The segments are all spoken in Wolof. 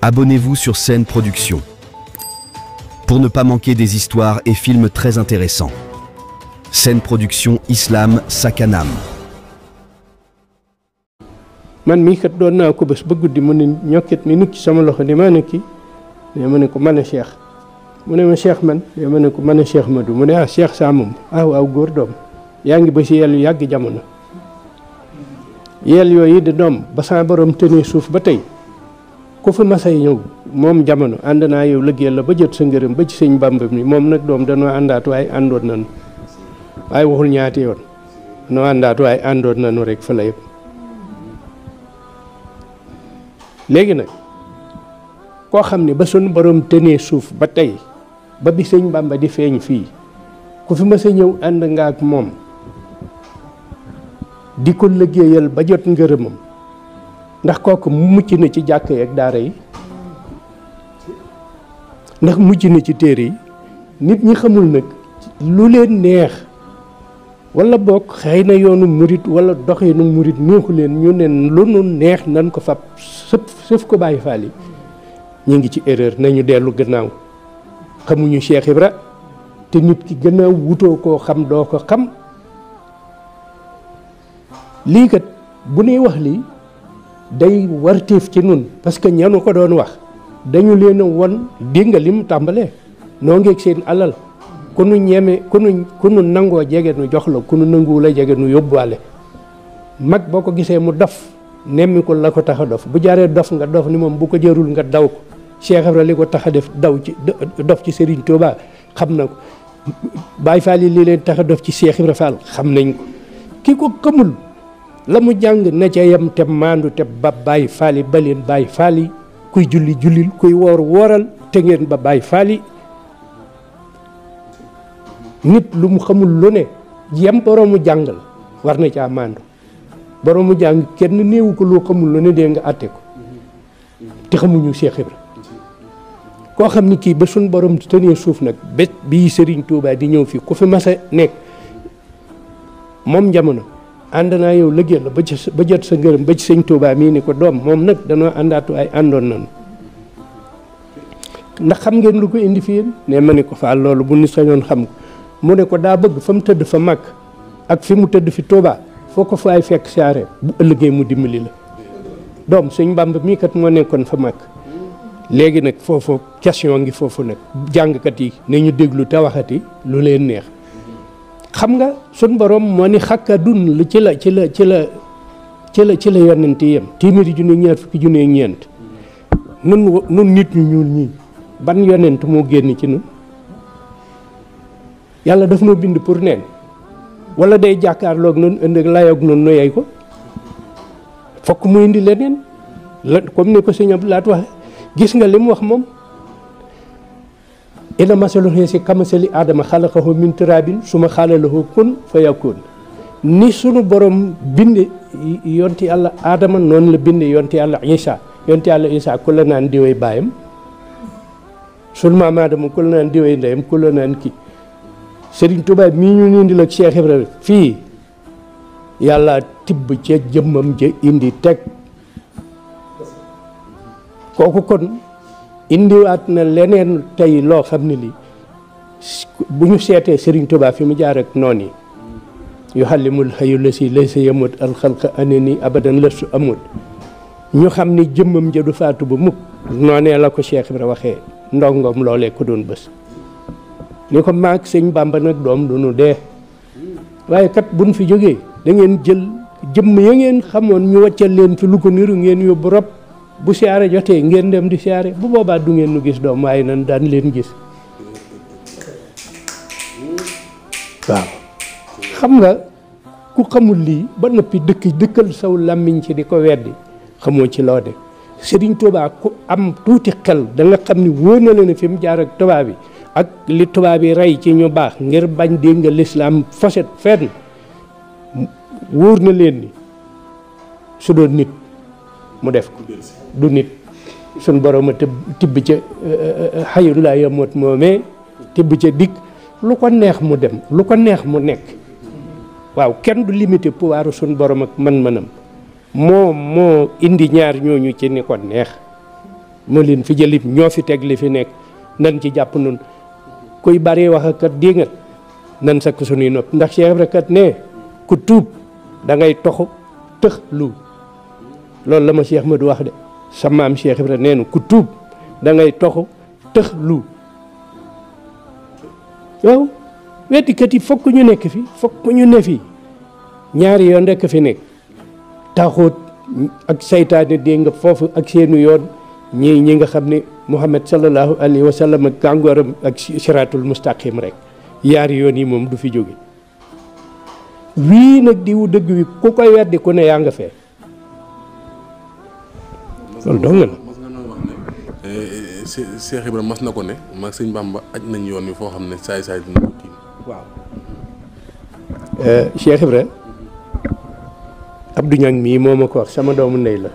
abonnez-vous sur Scène Production pour ne pas manquer des histoires et films très intéressants. Scène Production Islam Sakanam. man mi kat doon naa ko bés ba guddi mu ne ñokkit mi nut ci sama loxo ni maa ne kii ne ma ne ko man cheikh mu ne ma cheikh man ne ma ne ko man cheikh Madou mu ne ah cheikh saa ah waaw góor doom yaa ngi ba si yel yu yàgg jamono yel yooyu di doom ba saa borom tënee suuf ba tey ku fa mas a ñëw moom jamono ànd naa yow liggéeyal la ba jot sa ngërëm ba ci sëñ Bàmba mi moom nag doom danoo àndaat waaye àndoon nañu waaye waxul ñaati yoon noo àndaat waaye àndoon nañu rek fa la yëpp léegi nag koo xam ne ba sunu borom tënee suuf ba tey ba bi sëñ Bàmba di feeñ fii ku fi mas ñëw ànd nga ak moom di ko liggéeyal ba jot ngërëmam ndax kooku mucc na ci jàkk yi ak daara yi ndax mucc na ci téere yi nit ñi xamul nag lu leen neex wala bokk xëy na yoonu murit wala doxinu murit neexu leen ñu ne lu nu neex nan ko fab sëf sëf ko bàyyi faal yi ñu ngi ci erreur nañu dellu gannaaw xamuñu Cheikh Ibra te nit ki gannaaw wutoo koo xam doo ko xam lii kat bu nuy wax lii day wartiif ci nun parce que ñanu ko doon wax dañu leen won dégg nga li mu tàmbalee noo ngeeg seen alal ku nu ñeme ku nu ku nangoo jege nu jox la ku nu nanguwul a jege nu yóbbuwaale mag boo ko gisee mu dof nemmi la ko tax a dof bu jaaree dof nga dof ni moom bu ko jërul nga daw ko Cheikh Ibra li ko tax a def daw ci dof ci Serigne Touba xam na ko Baye Fall yi li leen tax dof ci Cheikh Ibra Fall xam nañ ko ki ko xamul la mu jàng na ca yem te maandu te ba bàyyi faali ba leen bàyyi faali kuy julli jullil kuy woor wooral te ngeen ba bàyyi faali nit lu mu xamul lu ne yem boroomu jàng la war na caa maandu mu jàng kenn néewu ko loo xamul lu ne dee nga àtte ko te xamuñu Cheikh Ibra koo xam ni kii ba suñ borom tenee suuf nag bés bii Serigne Touba di ñëw fii ku fi mas a nekk moom jamono ànd naa yow liggéey la ba ci ba sa ngërëm ba ci sëñ Touba mii ni ko doom moom nag danoo àndaatu ay àndoon nañu ndax xam ngeen lu ko indi fii ne ma ne ko faal loolu bu ni sañoon xam ko mu ne ko daa bëgg fa mu tëdd fa mag ak fi mu tëdd fi Touba foo ko ay fekk saare bu ëllëgee mu dimbali la doom sëñ mbamb mii kat moo nekkoon fa mag léegi nag foofu question ngi foofu nag jàngkat yi ñu déglu te waxati lu leen neex. xam nga sun borom moo ni xakkadun lu ci la ci la ci la ci la ci yem téeméeri junne fukki junne ñeent nun nun nit ñu ñuul ñii ban yonent mu génn ci nun yàlla def noo bind pour neen wala day jàkkaarloog noonu ënd ak layoog noonu nu yey ko fokk mu indi leneen la comme ni ko sëñ Abdou Lahat gis nga li wax moom ina masalu hesi kamaseli adama khalaqahu min turabin suma khalalahu kun fayakun ni sunu borom binde yonti yalla adama non la binde yonti Allah isa yonti yalla isa kula nan diwe bayam sun mama adama kula nan diwe ndayam kula nan ki serigne touba mi ñu nindi la cheikh ibrahim fi yalla tib ci jëmmam je indi tek koku kon indiwaat na leneen tey loo xam ne li bu ñu seetee Serigne tubaab fi mu jaar ak noon yi yu xalimul xëyu la si lay sa yamut alxalqa anani abadan la su amut ñu xam ni jëmmam ja du faatu ba mukk noonee la ko Cheikh Ibra waxee ndongoom loolee ko doon bës ni ko maag sëñ Bàmba nag doom du nu dee waaye kat buñ fi jógee dangeen jël jëmm ya ngeen xamoon ñu waccal leen fi lu ko niru ngeen bu rob bu siyaare jotee ngeen dem di siyaare bu boobaa dungeen ngeen nu gis doom waaye nan daan leen gis waaw xam nga ku xamul lii ba noppi dëkk dëkkal saw làmmiñ ci di ko weddi xamoo ci loo de Sëriñ Tuubaa ku am tuuti xel da xam ni wóor na leen fi mu jaar ak tubaab yi ak li tubaab yi rey ci ñu baax ngir bañ dégg nga lislaam faset fenn wóor na leen ni su doon nit mu def ko du nit suñ borom tibb ca euh, euh, euh, xayu laa yamut moomee tibb ca dikk lu ko neex mu dem lu ko neex mu nekk waaw kenn du limiti pouvoiru suñ borom man mën moo moom moo indi ñaar ñooñu ci ni ko neex moo leen fi jëlit ñoo fi teg li fi nekk nan ci jàpp nun kuy bari wax akat dingat nan sakk suñuy nopp ndax Cheikh Ibra kat ne ku tuub dangay toxu tëx lu loolu la ma Cheikh du wax de sa maam Cheikh Ibrahima nee na ku tuub dangay ngay toxu tëx lu waaw weddikat yi fokk ñu nekk fi fokk ñu ne fi ñaari yoon rekk fi nekk taxut ak saytaane dégg nga foofu ak seenu yoon ñii ñi nga xam ne Muhammad sallallahu alayhi wa sallam ak gàngooram ak siraatul mustaqim rek yaari yoon yi moom du fi jóge wii nag diwu dëgg wi ku koy weddi ku ne yaa nga fee loolu dong la. Eh, eh, Cheikh Ibrahima mas na ko ne maag sëñ Bamba nañ yoon wi foo xam ne saay saay dina ko tiim eh, mii moo ma ko wax sama doomu ndey la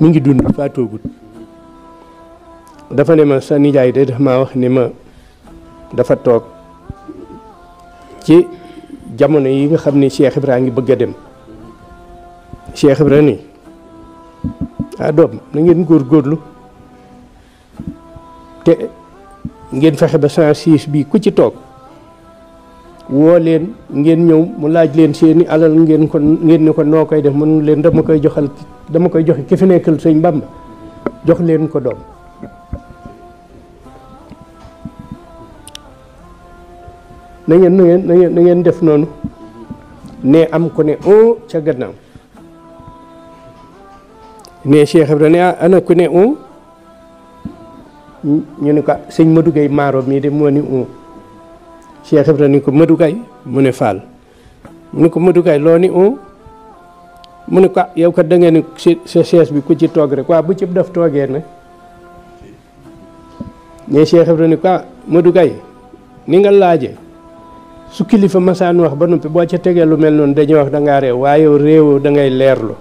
mu ngi dund faatoogut dafa ne ma sa nijaay de daf maa wax ni ma dafa toog ci jamono yi nga xam ne Cheikh Ibrahima ngi bëgg a dem Cheikh Ibrahima ni ah doom na ngeen góor góorlu te ngeen fexe ba 106 bii ku ci toog woo leen ngeen ñëw mu laaj leen seeni alal ngeen ko ngeen ne ko noo koy def mënu leen dama koy joxal dama koy joxe ki fi nekkal sëñ Bamba jox leen ko doom na ngeen na ngeen na ngeen def noonu ne am ko ne o oh, ca gannaaw ne Cheikh Ibra ne ana ku ne u um? ñu ne ko sëñ Madou Gueye maaro mii de moo ni u um. Cheikh Ibra ni ko Madou mu ne Fall mu ne ko Madou Gueye loo ni u um? mu ne ko ah, yow kat da ngeen ni sa bi ku ci toog rek waa bu ci daf toogee na ne Cheikh Ibra ni ko ah, Madou Gueye ni nga laaje su kilifa masaan wax ba noppi boo ca tegee lu mel noonu dañuy wax dangaa réew waaye réew dangay leerlu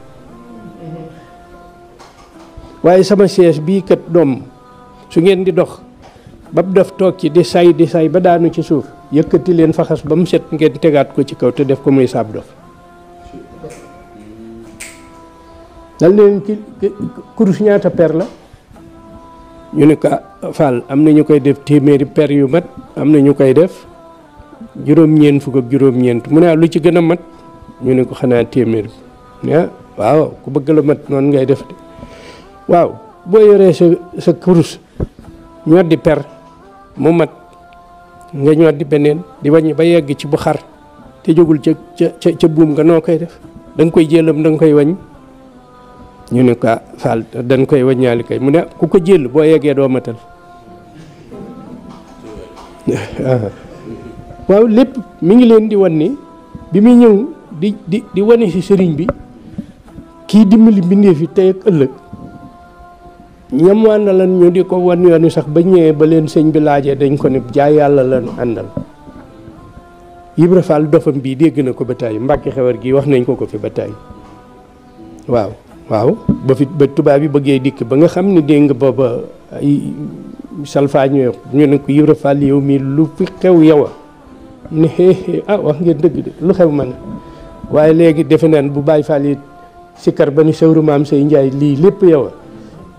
waaye sama siège bii kat doom su ngeen di dox ba mu def toog ci di say di say ba daanu ci suuf yëkkati leen faxas ba mu set ngeen tegaat ko ci kaw te def ko muy saab dof dal leen kurus ñaata per la ñu ne ko Fall am na ñu koy def téeméeri per yu mat am na ñu koy def juróom-ñeent fukk juróom-ñeent mu ne lu ci gën a mat ñu ne ko xanaa téeméer bi ah, waaw ku bëgg la mat noonu ngay def waaw boo yoree sa sa kurus ñor di per mu mat nga ñor di beneen di wàññi ba yegg ci bu xar te jógul ca ca ca buum nga noo koy def da koy jëlam da koy wàññ ñu ne ko ah, Fall dañ koy wàññaali kay mu ne ku ko jël boo yeggee doo matal waaw lépp mu ngi leen di wan ni bi muy ñëw di di di wane si sëriñ bi kii dimbali mbindeef yi te ëllëg ñam waa na lan ñu di ko wan yoon sax ba ñëwee ba leen sëñ bi laajee dañ ko ne jaay yàlla lañu àndal Ibra Fall dofam bii dégg na ko ba tàyyi Mbàkke xewar gi wax nañ ko ko fi ba tey waaw waaw ba fi ba tubaab yi bëggee dikk ba nga xam ne dégg nga booba ay salfaañoo ñu ne ko Ibra Fall yow mii lu fi xew yow a ne xeexee ah wax ngeen dëgg de lu xew man waaye léegi defe naan bu Baay Fall yi sikkar ba ni sëwru maam say njaay lii lépp yow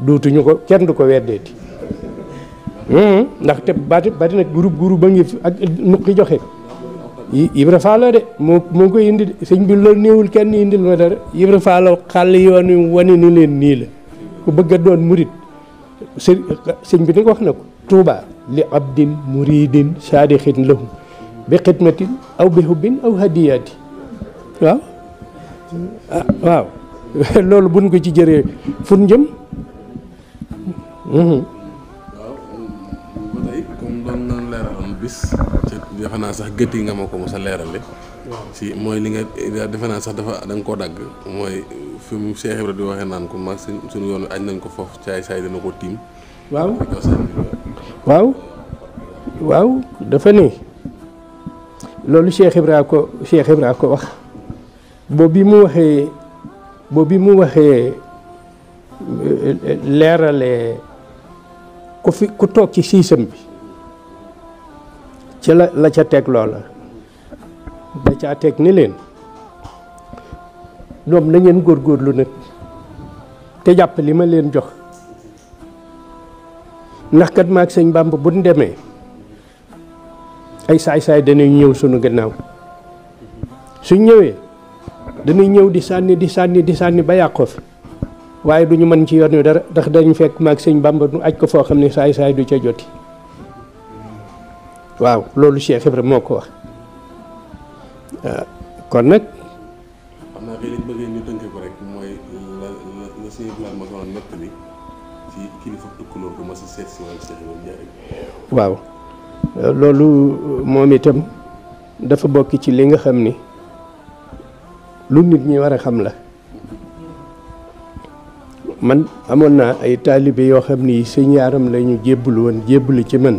dootuñu ko kenn du ko weddeeti hmm? ndax te bati bati nag groupe groupe ba ngi ak nuqi joxe Ibra Faal de moo moo koy indi sëñ bi loolu néewul kenn indil ma dara Ibra Faal xàll yoon wi wane ni leen nii la ku bëgg a doon murit sëñ bi ni wax na ko Touba li abdin muridin saadixin lahum bi xidmatin aw bi hubbin aw hadiyaati waaw ah, waaw loolu buñ ko ci jëree fun jëm Mm-hmm. waaw ba tey naa sax gët yi nga ma ko leerale si mooy li nga sax dafa da koo dagg mooy fi mu Cheikh Ibrahima yoon añ nañ ko foofu caay saay dina ko tiim waaw dafa ne loolu Cheikh Ibrahima ko Cheikh Ibrahima ko wax boobu bi mu waxee boobu bi mu waxee euh, euh, leerale ku fi ku toog ci siisam bi ci la la ca teg loola da caa teg ni leen ñoom na góor góorgóorlu nag te jàpp li ma leen jox ndax kat maag sëñ Bàmba bu ñu demee ay saay-saay dañuy ñëw sunu gannaaw suñ ñëwee dañuy ñëw di sànni di sànni di sànni ba yàqoo fi waaye du ñu mën ci yoon wi dara ndax dañu fekk maag sëñ Bàmba nu aj ko foo xam ne saay saay du ca joti waaw loolu Cheikh Ibrahima moo ko wax nag. xam naa dañ bëggee ñu ko rek mooy kilifa ma si moom itam dafa bokk ci li nga xam ni lu nit ñi war a xam la. man amoon naa ay taalibe yoo xam ni sëñ yaaram la ñu jébbalu woon lu ci man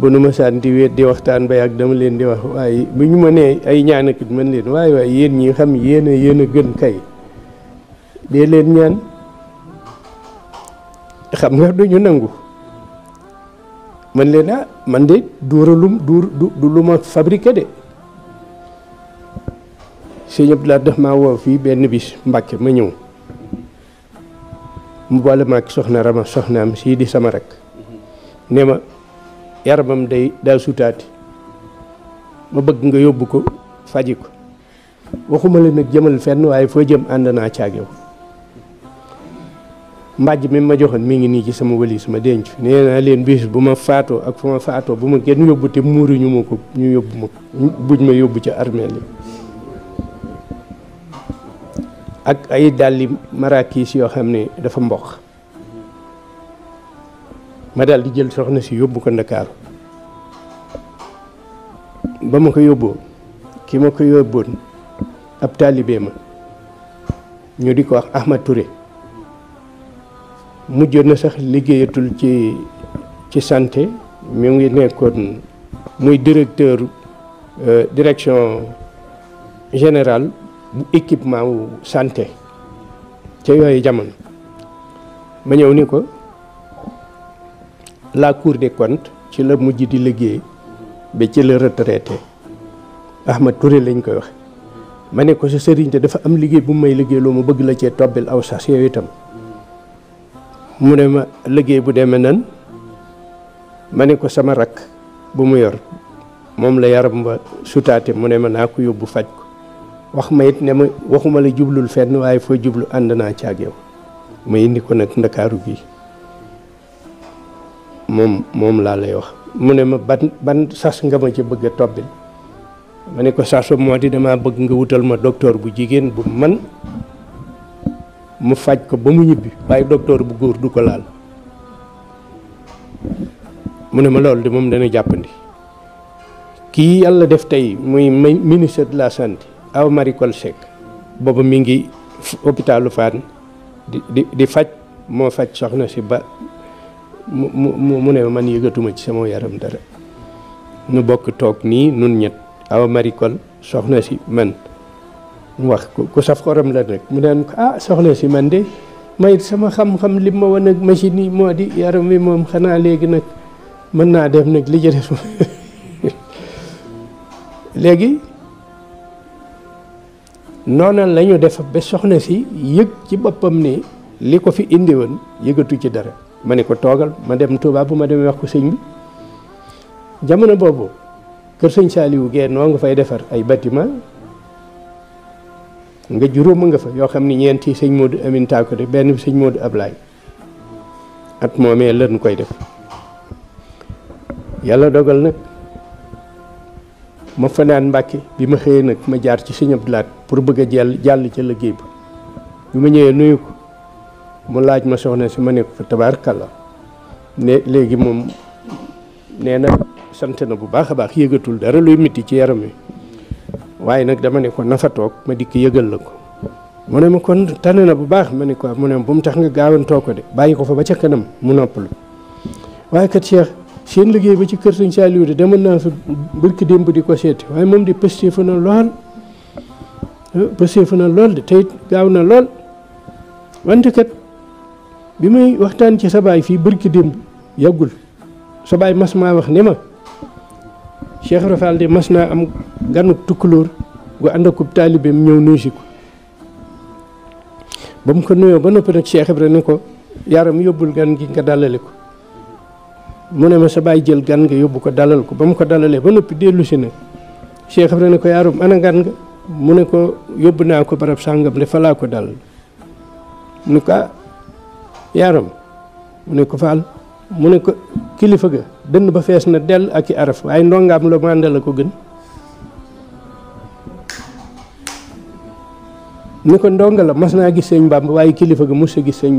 bu nu ma saan di di waxtaan ba yàgg dama leen di wax waaye bu ñu ma nee ay ñaanakit man leen waaye waaye yéen ñi xam yéen a yéen a gën kay dee leen ñaan xam nga duñu nangu man leen ah man de duuralum duur du lu ma fabriqué de sëñ daf maa woo fii benn bis Mbàkke ma ñëw mu boole ak soxna Rama soxnaam sii di sama rek ne ma yaramam day daa sutaati ma bëgg nga yóbbu ko faji ko waxuma la nag jëmal fenn waaye foo jëm ànd naa caag yow mbàjj mi ma joxoon mi ngi nii ci sama wëlis ma denc nee naa leen bis bu ma faatoo ak fu ma faatoo bu ma kenn yóbbu te muuruñu ma ko ñu yóbbu ma ko buñ ma yóbbu ci armeel yi ak ay dàlli marakiis yoo xam ni dafa mboq ma dal di jël soxna si yóbbu ko ndakaaru ba ma ko yóbboo ki ma ko yóbboon ab taalibe ma ñu di ko wax Ahmad Touré mujjoon na sax liggéeyatul ci ci santé mi ngi nekkoon muy directeur euh, direction général bu équipement wu santé ca yooyu jamono ma ñëw ni ko la cour des comptes ci la mujj di liggéey ba ci la retraité ma Touré lañ koy wax ma ne ko sa sëriñ te dafa am liggéey bu mu may liggéey loo mu bëgg la cee tobbil aw sas yooyu itam mu ne ma liggéey bu ma nan ma ne ko sama rakk bu mu yor moom la yaram ba sutaate mu ne ma naa ko yóbbu faj wax ma it ne ma waxuma la jublul fenn waaye fa jublu ànd naa ci yow ma indi ko nag ndakaaru mom mom moom laa lay wax mu ma ban ban sas nga ma ci bëgg a tobbil ma ne ko saso moo di damaa bëgg nga wutal ma docteur bu jigéen bu man mu faj ko ba mu ñibbi waaye docteur bu góor du ko laal mu ne ma loolu de moom dana jàppandi kii yàlla def tey muy ministre de la santé aw mari kol sek bobu mi ngi hôpitalu di di di faj mo soxna si ba mu mu mu ne man yegatuma ci sama yaram dara nu bok tok ni nun ñet aw mari kol soxna si man mu wax ko ku saf xoram la rek mu daan ah soxna si man de may sama xam-xam lim ma won ak machine yi moo yaram wi mom xana legi nak man na def nak li jere noona la ñu def ba soxna si yëg ci boppam ni li ko fi indi woon yëgatu ci dara ma ne ko toogal ma dem Touba bu ma dem wax ko sëñ bi jamono boobu kër sëñ Saaliwu Gee noo nga fay defar ay bâtiment nga juróom nga fa yoo xam ni ñeenti sëñ Modou Amin Takode benn sëñ Modou Ablaye at moomee lan koy def yàlla dogal nag ma fanaan Mbàkke bi ma xëyee nag ma jaar ci sëñ Abdou Lahad pour bëgg a jàll jàll ca liggéey ba bi ma ñëwee nuyu ko mu laaj ma soxna si ma nekk fa tabaarkalla ne léegi moom nee na sant na bu baax a baax yëgatul dara luy miti ci yaram wi waaye nag dama ne ko na fa toog ma dikk yëgal la ko mu ne ma kon tane na bu baax ma ne ko mu ne bu mu tax nga gaawantoo ko de bàyyi ko fa ba ca kanam mu noppalu waaye kat Cheikh seen liggéey ba ci kër sëñ Saliou de demoon naa fa bërki démb di ko seeti waaye moom de pësté fa na lool eh, pësté fa na lool de tey gaaw na lool wante kat bi may waxtaan ci sa baay fii bërki démb yàggul sa baay mas maa wax ne ma Cheikh Rafal de mas naa am ganuk tukkulóor gu ànd akub taalibeem ñëw nuyu si ko ba mu ko nuyoo ba noppi nag Cheikh Ibra ne ko yaram yóbbul gan gi nga dàllale ko mu ne ma sa bàyyi jël gan nga yóbbu ko dalal ko ba mu ko dalalee ba noppi dellu si na cheikh ne ko yaarum ana gan nga mu ne ko yóbbu naa ko barab sàngam de falaa ko dal mu ne ko ah yaaram mu ne ko faal mu ne ko kilifa ga dënn ba fees na dell ak i araf waaye ndongaam la mànde la ko gën ko ndonga la mas naa gis sëñ bàmb waaye kilifa ga mos a gis sëñ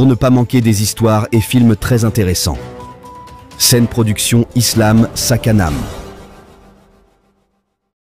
pour ne pas manquer des histoires et films très intéressants. Scène Production Islam Sakanam.